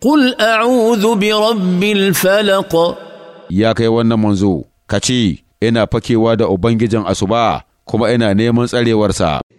قل أعوذ برب الفلق Ya kai wannan manzo kace ina fakewa da ubangijan asuba kuma ina neman tsarewarsa